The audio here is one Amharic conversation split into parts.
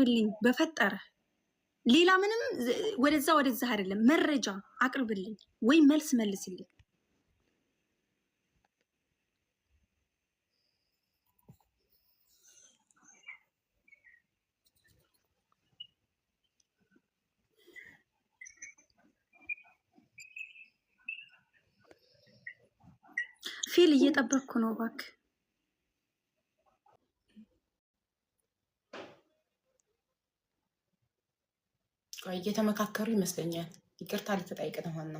አቅርብልኝ በፈጠረ ሌላ ምንም ወደዛ ወደዛ አይደለም፣ መረጃ አቅርብልኝ ወይ መልስ መልስልኝ። ፊል እየጠበቅኩ ነው እባክህ እየተመካከሩ ይመስለኛል። ይቅርታ ልትጠይቅ ነው ሀና።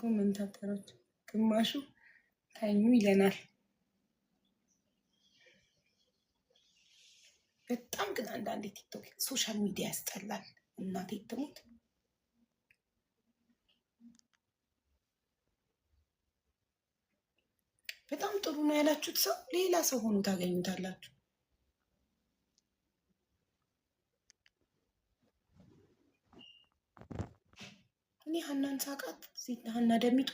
ኮመንታተሮች ግማሹ ተኙ ይለናል። በጣም ግን አንዳንዴ ቲክቶክ ሶሻል ሚዲያ ያስጠላል። እናቴ ትሙት። በጣም ጥሩ ነው ያላችሁት ሰው ሌላ ሰው ሆኖ ታገኙታላችሁ። እኔ ሀናን ሳቃት ሀና ደሚጦ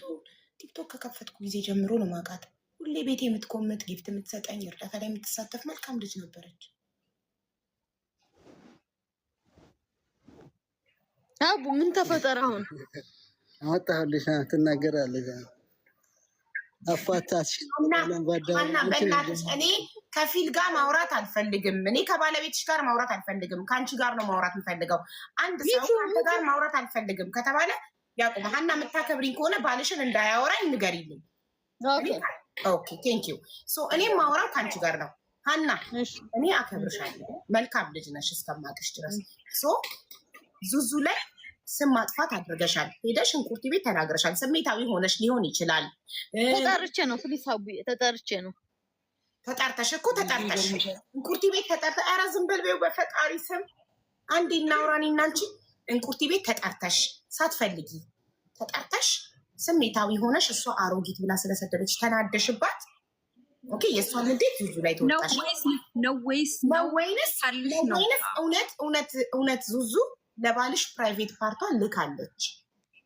ቲክቶክ ከከፈትኩ ጊዜ ጀምሮ ነው ማቃት። ሁሌ ቤት የምትቆምጥ ጊፍት የምትሰጠኝ እርዳታ ላይ የምትሳተፍ መልካም ልጅ ነበረች። አቡ ምን ተፈጠረ? አሁን አወጣሁልሽ ትናገራለሽ እኔ ከፊል ጋር ማውራት አልፈልግም። እኔ ከባለቤትሽ ጋር ማውራት አልፈልግም። ከአንቺ ጋር ነው ማውራት የምፈልገው። አንድ ሰው ከአንተ ጋር ማውራት አልፈልግም ከተባለ ያቁም። ሀና የምታከብሪኝ ከሆነ ባልሽን እንዳያወራኝ ንገሪልኝ። ኦኬ ቴንክ ዩ። ማውራው ከአንቺ ጋር ነው። ሀና እኔ አከብርሻለሁ። መልካም ልጅ ነሽ እስከማቅሽ ድረስ ዙዙ ላይ ስም ማጥፋት አድርገሻል። ሄደሽ ሽንኩርት ቤት ተናግረሻል። ስሜታዊ ሆነሽ ሊሆን ይችላል። ተጠርቼ ነው ፍሊሳ ተጠርቼ ነው ተጠርተሽ እኮ ተጠርተሽ እንቁርቲ ቤት ተጠርተ ኧረ ዝም በል በይው በፈጣሪ ስም አንድ እናውራን እናንቺ እንቁርቲ ቤት ተጠርተሽ ሳትፈልጊ ተጠርተሽ ስሜታዊ ሆነሽ እሷ አሮጊት ብላ ስለሰደበች ተናደሽባት የእሷን እንዴት ዙዙ ላይ ተወጣሽ ነው ወይስ እውነት እውነት እውነት ዙዙ ለባልሽ ፕራይቬት ፓርቷን ልካለች።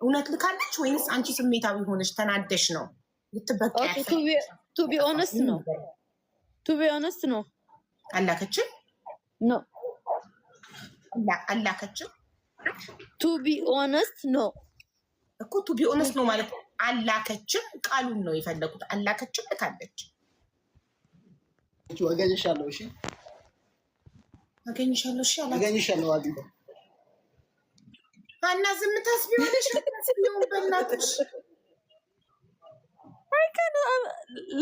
እውነት ልካለች ወይንስ አንቺ ስሜታዊ ሆነች ተናደሽ ነው ልትበቃ ኦነስት ነው ቱቢ ኦነስት ነው አላከችም ነው አላከችም ቱቢ ኦነስት ነው እኮ ቱቢ ኦነስት ነው ማለት አላከችም ቃሉን ነው የፈለጉት። አላከችም ልካለች። አገኝሻለሁ፣ አገኝሻለሁ፣ አገኝሻለሁ ሀና ዝምታስ ቢሆንሽ ሆን በእናትሽ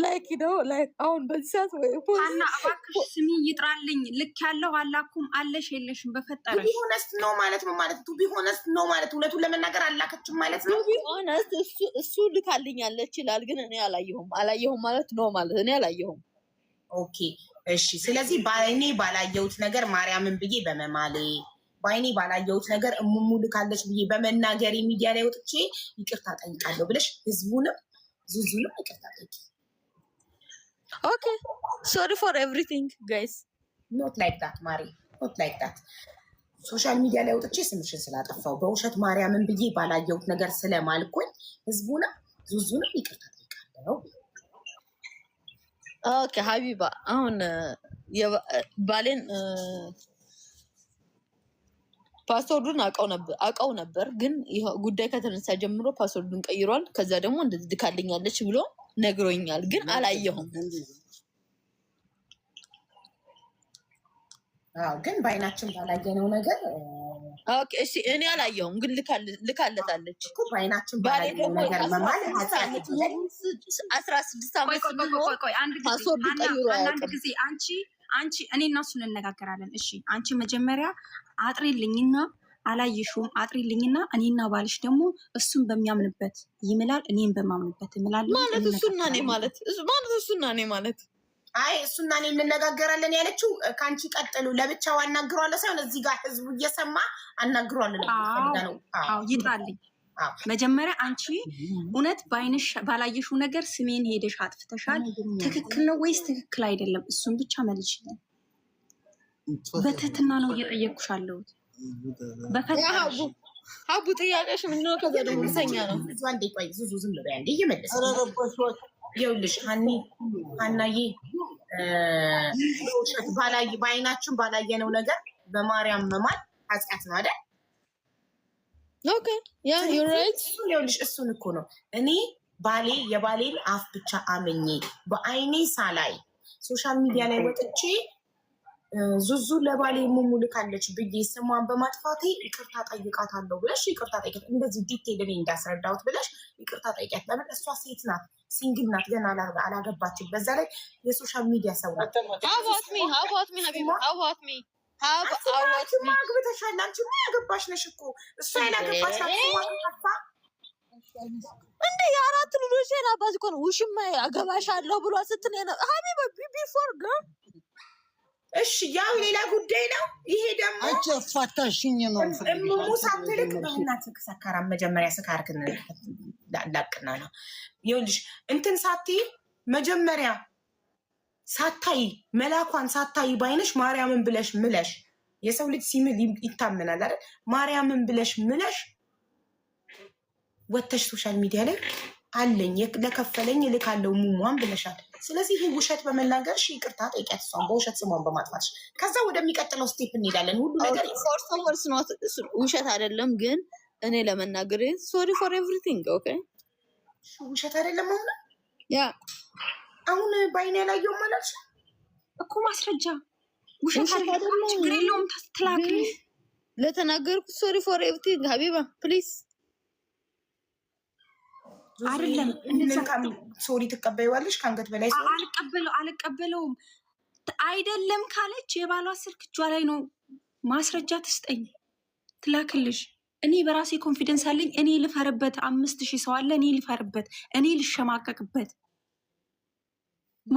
ላይክ አሁን በዚህ ሰዓት ሀና እባክሽ ስሚ ይጥራልኝ። ልክ ያለው አላኩም አለሽ የለሽም በፈጠረ ቢሆነስት ነው ማለት ነው ማለት ቱ ቢሆነስት ነው ማለት እውነቱን ለመናገር አላከችም ማለት ነው። ቢሆነስት እሱ ልካልኛለች ይችላል፣ ግን እኔ አላየሁም። አላየሁም ማለት ነው ማለት እኔ አላየሁም። ኦኬ እሺ። ስለዚህ እኔ ባላየሁት ነገር ማርያምን ብዬ በመማሌ በአይኔ ባላየሁት ነገር እሙሙልካለች ብዬ በመናገር ሚዲያ ላይ ወጥቼ ይቅርታ ጠይቃለሁ ብለሽ ህዝቡንም ዙዙንም ይቅርታ ጠይቂ። ኦኬ ሶሪ ፎር ኤቭሪቲንግ ጋይስ ኖት ላይክ ዳት ማሪ ኖት ላይክ ዳት ሶሻል ሚዲያ ላይ ወጥቼ ስምሽን ስላጠፋው በውሸት ማርያምን ብዬ ባላየሁት ነገር ስለማልኩኝ ህዝቡንም ዙዙንም ይቅርታ ጠይቃለሁ። ኦኬ ሀቢባ አሁን ባሌን ፓስወርዱን አውቀው ነበር፣ ግን ጉዳይ ከተነሳ ጀምሮ ፓስወርዱን ቀይሯል። ከዛ ደግሞ እንደዚህ ድካልኛለች ብሎ ነግሮኛል፣ ግን አላየሁም። ግን በአይናችን ባላየነው ነገር እሺ፣ እኔ አላየሁም፣ ግን ልካለታለች። አስራ ስድስት ዓመት አንድ ጊዜ አንቺ አንቺ እኔ እና እሱ እንነጋገራለን። እሺ አንቺ መጀመሪያ አጥሪልኝና አላየሽውም አጥሪልኝና እኔና ባልሽ ደግሞ እሱን በሚያምንበት ይምላል፣ እኔም በማምንበት ይምላል። ማለት እሱና እኔ ማለት ማለት እሱና እኔ ማለት አይ እሱና እኔ እንነጋገራለን ያለችው ከአንቺ ቀጥሉ። ለብቻው አናግሯለሁ ሳይሆን እዚህ ጋር ህዝቡ እየሰማ አናግሯለሁ ነው ይጣልኝ መጀመሪያ አንቺ እውነት ባይነሽ ባላየሽው ነገር ስሜን ሄደሽ አጥፍተሻል፣ ትክክል ነው ወይስ ትክክል አይደለም? እሱን ብቻ መልሽልኝ። በትህትና ነው እየጠየኩሽ አለሁት። ሀቡ ጥያቄሽ ምንድን ነው? ከዛ ደግሞ ሰኛ ነው። አንዴ ቆይ ዙዙ ዝም በይ አንዴ እየመለስ ይኸውልሽ ሀኒ ሀናዬ ውሸት ባላየ በአይናችን ባላየነው ነገር በማርያም መማል ኃጢአት ነው አይደል? ሊሆንሽ እሱን እኮ ነው እኔ ባሌ የባሌን አፍ ብቻ አመኜ በአይኔ ሳላይ ሶሻል ሚዲያ ላይ ወጥቼ ዙዙ ለባሌ ሙሙልካለች ብዬ ስሟን በማጥፋቴ ይቅርታ ጠይቃታለሁ ብለሽ ይቅርታ ጠይቂያት። እንደዚህ ዲቴል እኔ እንዳስረዳሁት ብለሽ ይቅርታ ጠይቂያት። ለምን እሷ ሴት ናት፣ ሲንግል ናት፣ ገና አላገባችም። በዛ ላይ የሶሻል ሚዲያ ሰው ናት። አንቺማ አግብተሻል። ያገባሽ ነሽ እኮ እሷ የአራት ልጆች አባት እኮ ነው። ውሽማ አገባሻለሁ ብሎ ስትል ሀቢባ ግን እሺ፣ ያው ሌላ ጉዳይ ነው። ይሄ ደግሞ ፋታሽኝ ነው። እምሙ በእናትህ ሰካራም መጀመሪያ ስካርክን ላቅና ነው ይኸውልሽ እንትን ሳትይ መጀመሪያ ሳታይ መላኳን ሳታይ ባይነሽ ማርያምን ብለሽ ምለሽ የሰው ልጅ ሲምል ይታመናል አይደል? ማርያምን ብለሽ ምለሽ ወተሽ ሶሻል ሚዲያ ላይ አለኝ ለከፈለኝ እልካለሁ ሙሟን ብለሻል። ስለዚህ ይህ ውሸት በመናገር ሺ ይቅርታ ጠይቂያት፣ እሷን በውሸት ስሟን በማጥፋትሽ። ከዛ ወደሚቀጥለው ስቴፕ እንሄዳለን። ሁሉ ነገር ውሸት አይደለም፣ ግን እኔ ለመናገር ሶሪ ፎር ኤቭሪቲንግ ኦኬ፣ ውሸት አይደለም አሁን ያ አሁን በአይን ያላየው ማለት እኮ ማስረጃ ውሸት የለውም ትላክ ለተናገርኩ ሶሪ ፎር ኤቭሪቲንግ ሀቢባ ፕሊዝ አይደለም ሶሪ ትቀበይዋለሽ ከአንገት በላይ አልቀበለውም አይደለም ካለች የባሏ ስልክ እጇ ላይ ነው ማስረጃ ትስጠኝ ትላክልሽ እኔ በራሴ ኮንፊደንስ አለኝ እኔ ልፈርበት አምስት ሺህ ሰው አለ እኔ ልፈርበት እኔ ልሸማቀቅበት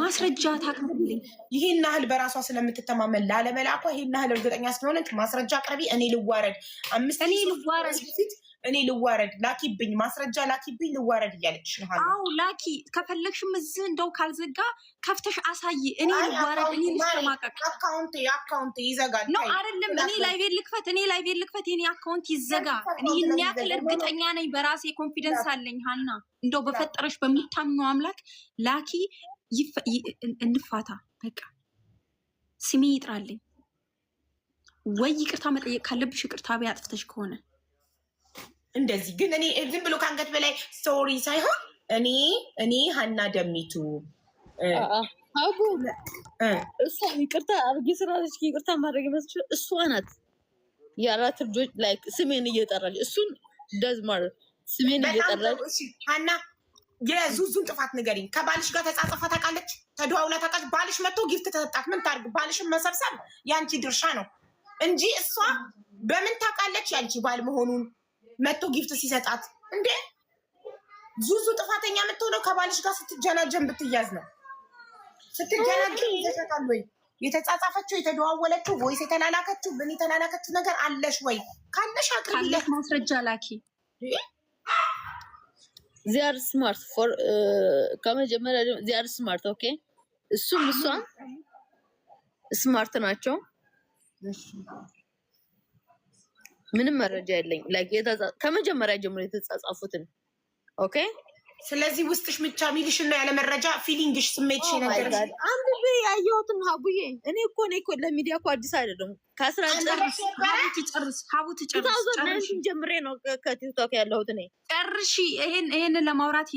ማስረጃ ታቅርብልኝ። ይሄን ያህል በራሷ ስለምትተማመን ላለመላኳ ይሄን ያህል እርግጠኛ ስለሆነች ማስረጃ አቅርቢ፣ እኔ ልዋረድ። አምስት እኔ ልዋረድ እኔ ልዋረድ፣ ላኪብኝ፣ ማስረጃ ላኪብኝ፣ ልዋረድ እያለች አዎ ላኪ፣ ከፈለግሽም እዚህ እንደው ካልዘጋ ከፍተሽ አሳይ። እኔ ልዋረድ፣ እኔ ልሸማቀቅ። አካውንቴ አካውንቴ ይዘጋል ነው አይደለም? እኔ ላይቤል ልክፈት፣ እኔ ላይቤል ልክፈት፣ የኔ አካውንት ይዘጋ። ይህን ያክል እርግጠኛ ነኝ፣ በራሴ ኮንፊደንስ አለኝ። ሀና እንደው በፈጠረች በምታምኑ አምላክ ላኪ እንፋታ፣ በቃ ስሜ ይጥራልኝ ወይ ይቅርታ መጠየቅ ካለብሽ ይቅርታ በይ፣ አጥፍተሽ ከሆነ እንደዚህ። ግን እኔ ዝም ብሎ ከአንገት በላይ ሶሪ ሳይሆን እኔ እኔ ሀና ደሚቱ አጉ እሷ ይቅርታ አብጌ ስራች ይቅርታ ማድረግ መስችል እሷ ናት የአራት ልጆች ላይ ስሜን እየጠራች እሱን ደዝማር ስሜን እየጠራች ሀና የዙዙን ጥፋት ንገሪኝ። ከባልሽ ጋር ተጻጽፋ ታውቃለች? ተደዋውላ ታውቃለች? ባልሽ መጥቶ ጊፍት ተሰጣት። ምን ታርግ? ባልሽን መሰብሰብ የአንቺ ድርሻ ነው እንጂ እሷ በምን ታውቃለች የአንቺ ባል መሆኑን መጥቶ ጊፍት ሲሰጣት? እንዴ ዙዙ ጥፋተኛ የምትሆነው ከባልሽ ጋር ስትጀናጀን ብትያዝ ነው። ስትጀናጀን ይዘሻታል ወይ? የተጻጻፈችው የተደዋወለችው፣ ወይስ የተላላከችው ምን የተላላከችው ነገር አለሽ ወይ? ካለሽ አቅርቢለት ማስረጃ ላኪ ዚያር ስማርት ፎር ከመጀመሪያ ዚያር ስማርት ኦኬ። እሱም እሷም ስማርት ናቸው። ምንም መረጃ የለኝ ላይክ ከመጀመሪያ ጀምሮ የተጻጻፉትን ኦኬ ስለዚህ ውስጥሽ ምቻ ሚልሽ እና ያለ መረጃ ፊሊንግሽ፣ ስሜትሽ oh ነገርሽ አንድ ላይ ያየሁትን ሀቡዬ እኔ እኮ ነ ለሚዲያ እኮ አዲስ አይደለም። ከአስራ ጨርስ ጀምሬ ነው ከቲክቶክ ያለሁት እኔ ጨርሺ። ይሄን ይሄን ለማውራት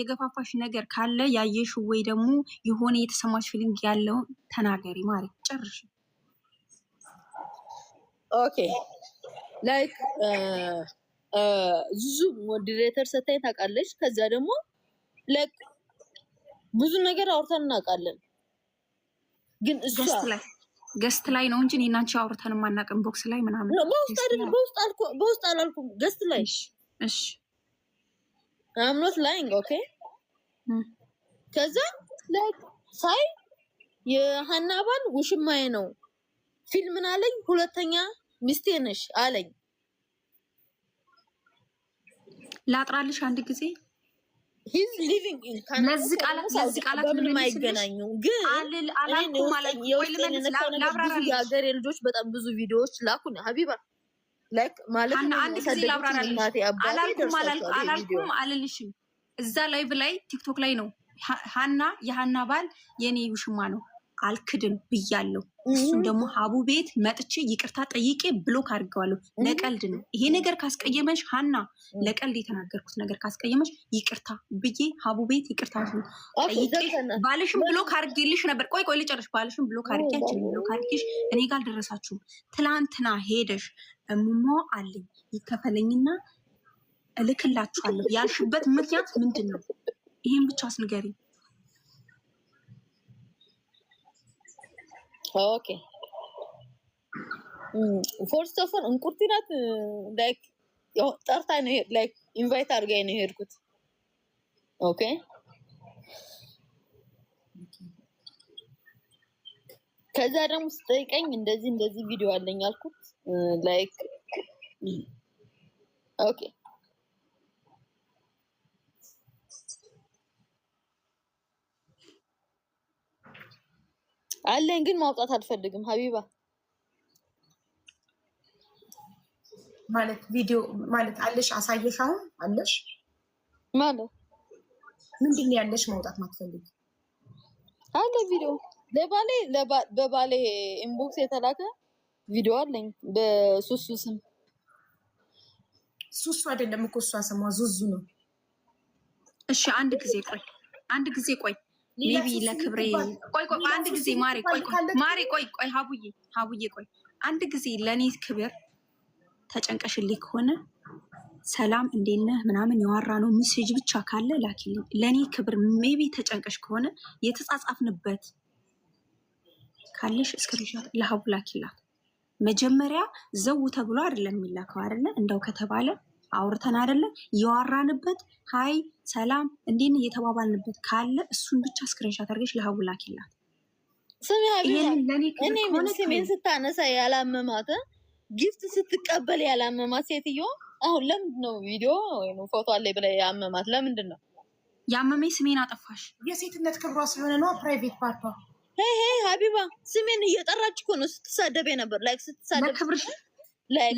የገፋፋሽ ነገር ካለ ያየሽ ወይ ደግሞ የሆነ የተሰማሽ ፊሊንግ ያለውን ተናገሪ ማሪ፣ ጨርሽ። ኦኬ ላይክ ዙም ሞዲሬተር ስታይ ታውቃለች። ከዚያ ደግሞ ብዙ ነገር አውርተን እናውቃለን። ግን ገስት ላይ ነው እንጂ እኔና አውርተን ማናቅም። ቦክስ ላይ ምናምን በውስጥ አላልኩም። ገስት ላይ እሺ፣ አምኖት ላይ ኦኬ። ከዛ ሳይ የሀና ባል ውሽማዬ ነው ፊልምን አለኝ። ሁለተኛ ሚስቴ ነሽ አለኝ። ላጥራልሽ አንድ ጊዜ ለዚህ ቃላት ለዚህ ቃላት ምንም አይገናኙም፣ ግን የሀገሬ ልጆች በጣም ብዙ ቪዲዮዎች ላኩን። ሀቢባ ማለት አንድ ጊዜ ላብራራልሽ። አላልኩም አላልኩም አልልሽም። እዛ ላይቭ ላይ ቲክቶክ ላይ ነው ሀና የሀና ባል የኔ ውሽማ ነው አልክድም ብያለሁ። እሱም ደግሞ ሀቡ ቤት መጥቼ ይቅርታ ጠይቄ ብሎክ አድርገዋለሁ። ለቀልድ ነው ይሄ ነገር ካስቀየመሽ፣ ሀና ለቀልድ የተናገርኩት ነገር ካስቀየመሽ ይቅርታ ብዬ ሀቡ ቤት ይቅርታ ጠይቄ ባልሽም ብሎክ አድርጌልሽ ነበር። ቆይ ቆይ ልጨርሽ። ባልሽም ብሎክ አድርጌ አንቺን ብሎክ አድርጌሽ እኔ ጋር አልደረሳችሁም። ትላንትና ሄደሽ እሙሞ አለኝ ይከፈለኝና እልክላችኋለሁ ያልሽበት ምክንያት ምንድን ነው? ይህን ብቻ አስንገሪኝ። ኦኬ ፎርስት ኦፍ ኦል እንቁርቲ ናት። ላይክ ጠርታ ላይክ ኢንቫይት አድርጋኝ ነው የሄድኩት። ኦኬ ከዛ ደግሞ ስጠይቀኝ እንደዚህ እንደዚህ ቪዲዮ አለኝ አልኩት ላይክ ኦኬ አለኝ ግን ማውጣት አልፈልግም። ሀቢባ ማለት ቪዲዮ ማለት አለሽ፣ አሳየሽ። አሁን አለሽ ማለት ምንድን ነው ያለሽ? ማውጣት ማትፈልግ አለ ቪዲዮ ለባሌ በባሌ ኢንቦክስ የተላከ ቪዲዮ አለኝ በሱሱ ስም። ሱሱ አይደለም እኮ እሷ ስሟ ዙዙ ነው። እሺ አንድ ጊዜ ቆይ፣ አንድ ጊዜ ቆይ ሊቢ ለክብሬ ቆይ ቆይ አንድ ጊዜ ማሬ ቆይ ቆይ ማሬ ቆይ ቆይ ሀቡዬ ሀቡዬ ቆይ አንድ ጊዜ ለእኔ ክብር ተጨንቀሽልኝ ከሆነ ሰላም እንዴት ነህ ምናምን የዋራ ነው ሚሴጅ ብቻ ካለ ላኪልኝ። ለእኔ ክብር ሜቢ ተጨንቀሽ ከሆነ የተጻጻፍንበት ካለሽ እስክሪንሾት ለሀቡ ላኪላት። መጀመሪያ ዘው ተብሎ አይደለም የሚላከው አይደለ? እንደው ከተባለ አውርተን አይደለ የዋራንበት ሀይ ሰላም እንዴን እየተባባልንበት ካለ እሱን ብቻ ስክሪንሻት አድርገሽ ለሀዊ ላኪላት። ስሚያእኔ ስሜን ስታነሳ ያላመማት ጊፍት ስትቀበል ያላመማት ሴትዮ አሁን ለምንድን ነው ቪዲዮ ወይም ፎቶ አለ ብለ ያመማት? ለምንድን ነው ያመመኝ? ስሜን አጠፋሽ። የሴትነት ክብሯ ስለሆነ ነው። ፕራይቬት ፓርቷ ሄ ሀቢባ ስሜን እየጠራች እኮ ነው ስትሳደብ ነበር። ላይክ ስትሳደብ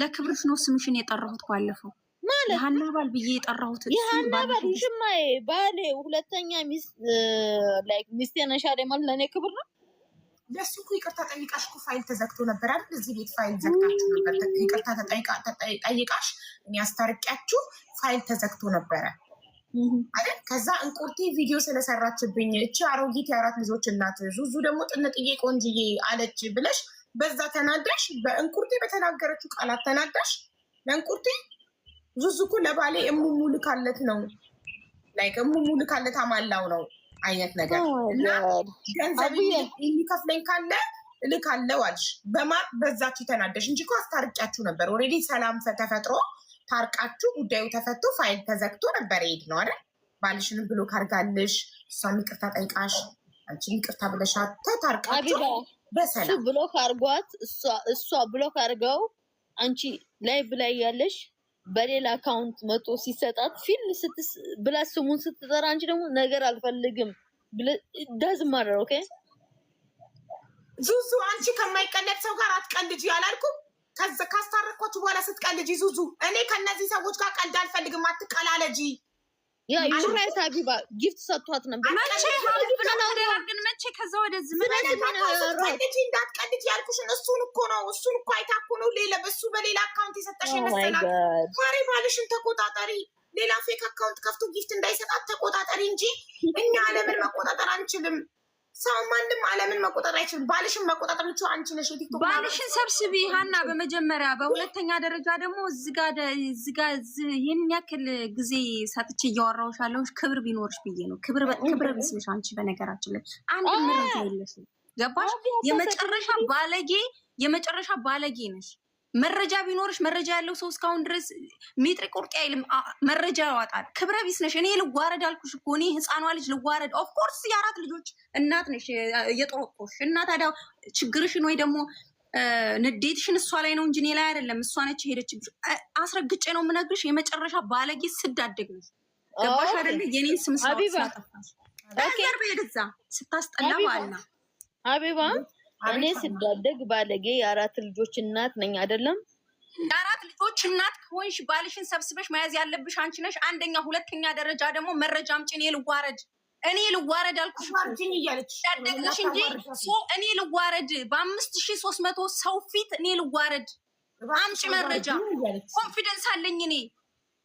ለክብርሽ ነው ስምሽን የጠራሁት ባለፈው ማለት የሀና ባል ብዬ የጠራሁት የሀና ባል ሽማዬ ባል ሁለተኛ ሚስቴ ነሻ አይደል? ማለት ለእኔ ክብር ነው። ለሱ እኮ ይቅርታ ጠይቃሽ እኮ ፋይል ተዘግቶ ነበር አይደል? እዚህ ቤት ፋይል ዘግታችሁ ነበር። ይቅርታ ጠይቃሽ እኔ አስታርቂያችሁ ፋይል ተዘግቶ ነበረ አይደል? ከዛ እንቁርቲ ቪዲዮ ስለሰራችብኝ እቺ አሮጊት የአራት ልጆች እናት ዙዙ ደግሞ ጥንጥዬ ቆንጅዬ አለች ብለሽ በዛ ተናዳሽ። በእንቁርቴ በተናገረችው ቃላት ተናዳሽ። ለእንቁርቴ ዙዝ እኮ ለባሌ እሙሙ ልካለት ነው ላይክ እሙሙ ልካለት አማላው ነው አይነት ነገር oh እና ገንዘብ የሚከፍለኝ ካለ እልካለሁ አልሽ። በማር በዛች ተናደሽ እንጂ እኮ አስታርቂያችሁ ነበር። ኦልሬዲ ሰላም ተፈጥሮ ታርቃችሁ ጉዳዩ ተፈቶ ፋይል ተዘግቶ ነበር። ሄድ ነው አይደል? ባልሽን ብሎ ካርጋልሽ እሷም ይቅርታ ጠይቃሽ አንቺ ይቅርታ ብለሻት ታርቃችሁ በሰላም ብሎ ካርጓት እሷ ብሎ ካርገው አንቺ ላይ ብላይ ያለሽ በሌላ አካውንት መቶ ሲሰጣት ፊል ብላ ስሙን ስትጠራ አንቺ ደግሞ ነገር አልፈልግም ዳዝ ማረር ኦኬ። ዙዙ አንቺ ከማይቀለድ ሰው ጋር አትቀልጅ ከዚ ካስታረኳችሁ በኋላ ስትቀልጂ ዙዙ፣ እኔ ከነዚህ ሰዎች ጋር ቀልድ አልፈልግም፣ አትቀላለጂ የሽራይት ሀቢባ ጊፍት ሰጥቷት ነበር። መቼ ከዛ ወደዚህ ቀልጅ እንዳትቀልጅ ያልኩሽን እሱን እኮ ነው። እሱን እኮ አይታ እኮ ነው። ሌላ በሱ በሌላ አካውንት የሰጠሽ ይመስላል። oh ማሪ ባልሽን ተቆጣጠሪ። ሌላ ፌክ አካውንት ከፍቶ ጊፍት እንዳይሰጣት ተቆጣጠሪ እንጂ እኛ ለምን መቆጣጠር አንችልም? ሰው ማንም አለምን መቆጣጠር አይችልም። ባልሽን መቆጣጠር ብቻ አንቺ ነሽ። የቲክቶክ ባልሽን ሰብስቢ ሀና፣ በመጀመሪያ በሁለተኛ ደረጃ ደግሞ እዚጋ ይህን ያክል ጊዜ ሰጥቼ እያወራሁሽ ያለሁሽ ክብር ቢኖርሽ ብዬ ነው። ክብር ቢስምሽ አንቺ በነገራችን ላይ አንድ ምረት የለሽ ገባሽ? የመጨረሻ ባለጌ የመጨረሻ ባለጌ ነሽ። መረጃ ቢኖርሽ መረጃ ያለው ሰው እስካሁን ድረስ ሚጥሪ ቁርጥ አይልም፣ መረጃ ያወጣል። ክብረ ቢስ ነሽ። እኔ ልዋረድ አልኩሽ እኮ እኔ ህፃኗ ልጅ ልዋረድ። ኦፍኮርስ የአራት ልጆች እናት ነሽ፣ የጥሮጦሽ እና ታዲያ ችግርሽን ወይ ደግሞ ንዴትሽን እሷ ላይ ነው እንጂ እኔ ላይ አይደለም። እሷ ነች ሄደችብሽ። አስረግጬ ነው የምነግርሽ፣ የመጨረሻ ባለጌ ስዳደግ ነሽ። ገባሽ አይደለ? የኔን ስም ስላጠፋሽ ገዛ ስታስጠላ ባልና አቢባ እኔ ስዳደግ ባለጌ የአራት ልጆች እናት ነኝ አይደለም። የአራት ልጆች እናት ከሆንሽ ባልሽን ሰብስበሽ መያዝ ያለብሽ አንቺ ነሽ። አንደኛ። ሁለተኛ ደረጃ ደግሞ መረጃ አምጪ። እኔ ልዋረድ፣ እኔ ልዋረድ አልኩሽ ያደግሽ እንጂ እኔ ልዋረድ በአምስት ሺ ሶስት መቶ ሰው ፊት እኔ ልዋረድ። አምጪ መረጃ። ኮንፊደንስ አለኝ እኔ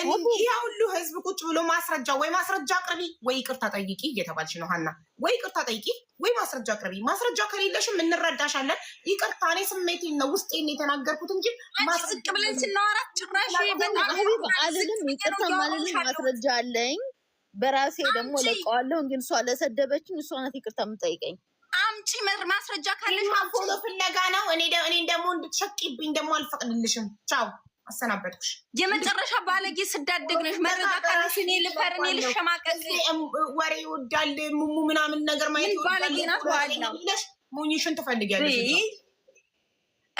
ይሄ ሁሉ ህዝብ ቁጭ ብሎ ማስረጃ ወይ ማስረጃ አቅርቢ ወይ ይቅርታ ጠይቂ እየተባልሽ ነው ሀና። ወይ ይቅርታ ጠይቂ ወይ ማስረጃ አቅርቢ። ማስረጃ ከሌለሽም እንረዳሻለን። ይቅርታ እኔ ስሜቴን ነው ውስጤን የተናገርኩት እንጂ ዝቅ ብለን ስናወራት ጭራሽ አልልም። ይቅርታ ማለልኝ ማስረጃ አለኝ በራሴ ደግሞ ለቀዋለሁ። እንግዲህ እሷ ለሰደበችኝ እሷ ናት ይቅርታ የምጠይቀኝ። አምጪ ማስረጃ ካለሽ ፎሎ ፍለጋ ነው። እኔ ደግሞ እንድትሸቂብኝ ደግሞ አልፈቅድልሽም። ቻው አሰናበጥኩሽ። የመጨረሻ ባለጌ ስዳደግ ነሽ። መረጋጋት እኔ ልፈር እኔ ልሸማቀቅ ወሬ ይወዳል ሙሙ ምናምን ነገር ማየት ባለጌ ናት። ዋለሽ ሞኝሽን ትፈልጊያለሽ።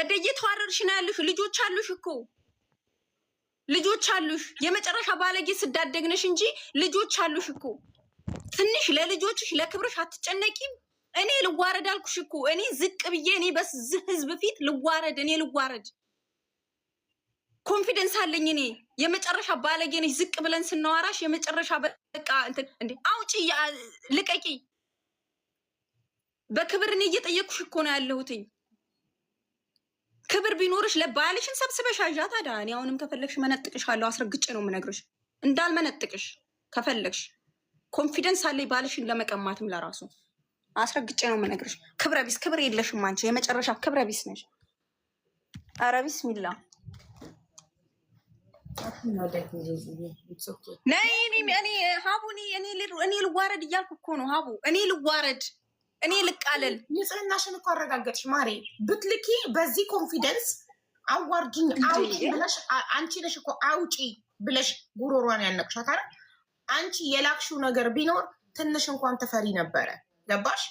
እንደ እየተዋረድሽ ነው ያሉሽ። ልጆች አሉሽ እኮ ልጆች አሉሽ። የመጨረሻ ባለጌ ስዳደግ ነሽ እንጂ ልጆች አሉሽ እኮ ትንሽ ለልጆችሽ ለክብርሽ አትጨነቂም። እኔ ልዋረድ አልኩሽ እኮ እኔ ዝቅ ብዬ እኔ በዚህ ህዝብ ፊት ልዋረድ እኔ ልዋረድ ኮንፊደንስ አለኝ እኔ የመጨረሻ ባለጌ ነች። ዝቅ ብለን ስናዋራሽ የመጨረሻ በቃ እንዴ አውጪ፣ ልቀቂ። በክብር እኔ እየጠየቅኩሽ እኮ ነው ያለሁትኝ። ክብር ቢኖርሽ ለባልሽን ሰብስበሽ አዣ። ታዲያ እኔ አሁንም ከፈለግሽ መነጥቅሽ መነጥቅሻለሁ፣ አስረግጬ ነው የምነግርሽ። እንዳልመነጥቅሽ ከፈለግሽ ኮንፊደንስ አለኝ ባልሽን ለመቀማትም ለራሱ አስረግጬ ነው የምነግርሽ። ክብረ ቢስ ክብር የለሽም አንቺ፣ የመጨረሻ ክብረ ቢስ ነሽ። አረ ቢስሚላ እኔ ልዋረድ እያልኩ እኮ ነው ሀቡ። እኔ ልዋረድ፣ እኔ ልቃለል። ንጽህናሽን እኮ አረጋገጥሽ ማሬ። ብትልኪ በዚህ ኮንፊደንስ አዋርጅኝ አውጪ ብለሽ አንቺ ነሽ እኮ አውጪ ብለሽ ጉሮሯን ያነቅሻት። አረ አንቺ የላክሽው ነገር ቢኖር ትንሽ እንኳን ትፈሪ ነበረ። ገባሽ?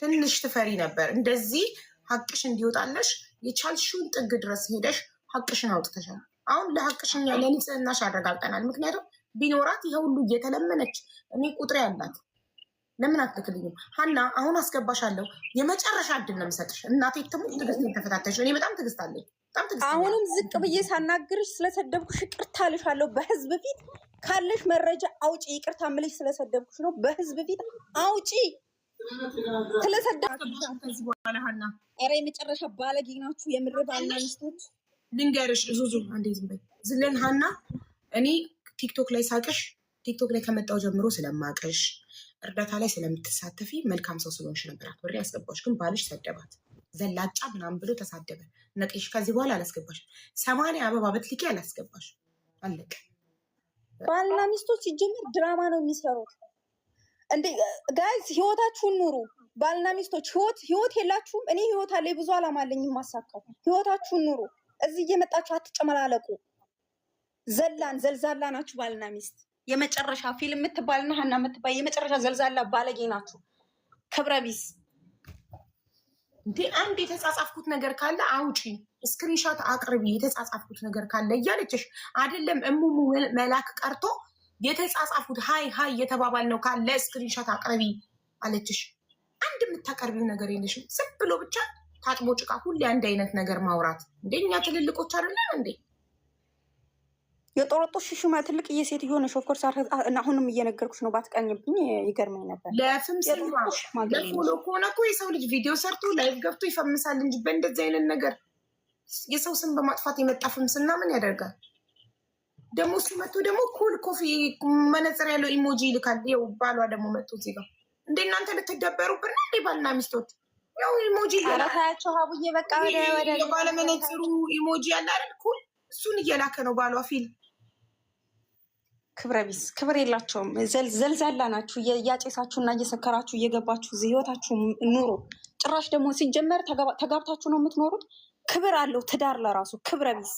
ትንሽ ትፈሪ ነበር። እንደዚህ ሀቅሽ እንዲወጣለሽ የቻልሽውን ጥግ ድረስ ሄደሽ ሀቅሽን አውጥተሻል። አሁን ለሀቅሽኛ ለንጽህናሽ አረጋግጠናል። ምክንያቱም ቢኖራት ይሄ ሁሉ እየተለመነች እኔ ቁጥር ያላት ለምን አትክልኝም? ሀና አሁን አስገባሻለሁ። የመጨረሻ እድል ነው የምሰጥሽ። እናቴ ትሙት ትግስት ተፈታተሽ። እኔ በጣም ትግስት አለኝ። አሁንም ዝቅ ብዬ ሳናግርሽ ስለሰደብኩሽ ይቅርታ ልሻለሁ። በህዝብ ፊት ካለሽ መረጃ አውጪ። ይቅርታ ምልሽ ስለሰደብኩሽ ነው። በህዝብ ፊት አውጪ ስለሰደብኩሽ። ኧረ የመጨረሻ ባለጌ ናችሁ የምር ባልና ሚስቶች ልንገርሽ ዙዙ አንዴ ዝም በይ ዝለን ሀና እኔ ቲክቶክ ላይ ሳቅሽ ቲክቶክ ላይ ከመጣው ጀምሮ ስለማቅሽ እርዳታ ላይ ስለምትሳተፊ መልካም ሰው ስለሆንሽ ነበር አክብሬ ያስገባሽ። ግን ባልሽ ሰደባት፣ ዘላጫ ምናምን ብሎ ተሳደበ፣ ነቅሽ። ከዚህ በኋላ አላስገባሽ። ሰማንያ አበባ በትልቂ አላስገባሽ። አለቀ። ባልና ሚስቶች ሲጀምር ድራማ ነው የሚሰሩት። እንደ ጋይዝ ህይወታችሁን ኑሩ። ባልና ሚስቶች ህይወት ህይወት የላችሁም? እኔ ህይወት አለ ብዙ አላማ አለኝ የማሳካው። ህይወታችሁን ኑሩ። እዚህ እየመጣችሁ አትጨመላለቁ። ዘላን ዘልዛላ ናችሁ። ባልና ሚስት የመጨረሻ ፊልም ና ሀና የምትባል የመጨረሻ ዘልዛላ ባለጌ ናችሁ። ክብረ ቢስ እንዴ! አንድ የተጻጻፍኩት ነገር ካለ አውጪ፣ ስክሪንሻት አቅርቢ፣ የተጻጻፍኩት ነገር ካለ እያለችሽ አይደለም። እሙሙ መላክ ቀርቶ የተጻጻፉት ሀይ ሀይ የተባባል ነው ካለ ስክሪንሻት አቅርቢ አለችሽ። አንድ የምታቀርቢው ነገር የለሽም። ዝም ብሎ ብቻ ታጥቦ ጭቃ ሁሌ አንድ አይነት ነገር ማውራት እንዴ? እኛ ትልልቆች አይደለን እንዴ? የጦረጦ ሽሽማ ትልቅ እየሴት የሆነ ኦፍኮርስ አሁንም እየነገርኩሽ ነው። ባትቀኝብኝ ይገርመኝ ነበር። ለፍም ለፎሎ ከሆነ እኮ የሰው ልጅ ቪዲዮ ሰርቶ ላይቭ ገብቶ ይፈምሳል እንጂ በእንደዚህ አይነት ነገር የሰው ስም በማጥፋት የመጣ ፍምስና ምን ያደርጋል? ደግሞ እሱ መጥቶ ደግሞ ኩል ኮፊ መነጽር ያለው ኢሞጂ ይልካል። ይኸው ባሏ ደግሞ መቶ ዜጋ እንደ እናንተ ልትደበሩብን እንዴ? ባልና ሚስቶች ያው ኢሞጂ ታያቸው ሀቡዬ በቃ ወደ ባለመነጽሩ ኢሞጂ ያለ አይደል ኩል እሱን እየላከ ነው ባሏ ፊል ክብረ ቢስ ክብር የላቸውም። ዘልዛላ ናችሁ። እያጨሳችሁ እና እየሰከራችሁ እየገባችሁ ህይወታችሁ ኑሮ ጭራሽ ደግሞ ሲጀመር ተጋብታችሁ ነው የምትኖሩት። ክብር አለው ትዳር ለራሱ ክብረ ቢስ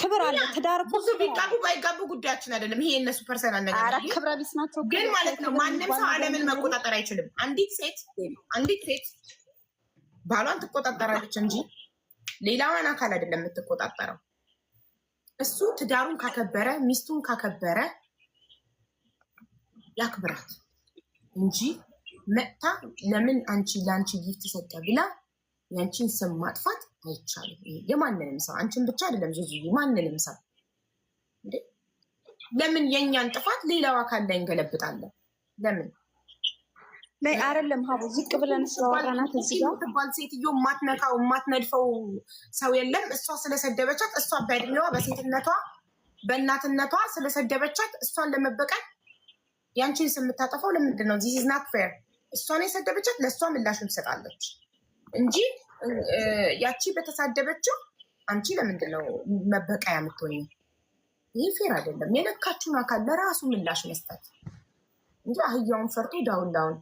ክብር አለ ትዳር። ብዙ ቢጋቡ ባይጋቡ ጉዳያችን አይደለም። ይሄ የነሱ ፐርሰናል ነገር ነው። ክብረ ቢስ ናቸው ግን ማለት ነው። ማንም ሰው አለምን መቆጣጠር አይችልም። አንዲት ሴት አንዲት ሴት ባሏን ትቆጣጠራለች እንጂ ሌላዋን አካል አይደለም የምትቆጣጠረው። እሱ ትዳሩን ካከበረ ሚስቱን ካከበረ ያክብራት እንጂ መጥታ ለምን አንቺ ለአንቺ ጊፍት ሰጠ ብላ የአንቺን ስም ማጥፋት አይቻልም። የማንንም ሰው አንቺን ብቻ አይደለም ዙዙ፣ ማንንም ሰው ለምን የእኛን ጥፋት ሌላው አካል ላይ እንገለብጣለን? ለምን ላይ አይደለም ሀቡ ዝቅ ብለን ስለዋራናት እዚህ ጋር ትባል ሴትዮ የማትነካው የማትነድፈው ሰው የለም። እሷ ስለሰደበቻት እሷ በእድሜዋ በሴትነቷ በእናትነቷ ስለሰደበቻት እሷን ለመበቀል ያንቺን ስምታጠፈው ለምንድን ነው? ዚስ ናት ፌር። እሷን የሰደበቻት ለእሷ ምላሽን ትሰጣለች እንጂ ያቺ በተሳደበችው አንቺ ለምንድን ነው መበቀያ የምትሆኝ? ይህ ፌር አይደለም። የነካችሁን አካል ለራሱ ምላሽ መስጠት እንጂ አህያውን ፈርቶ ዳውን ዳውን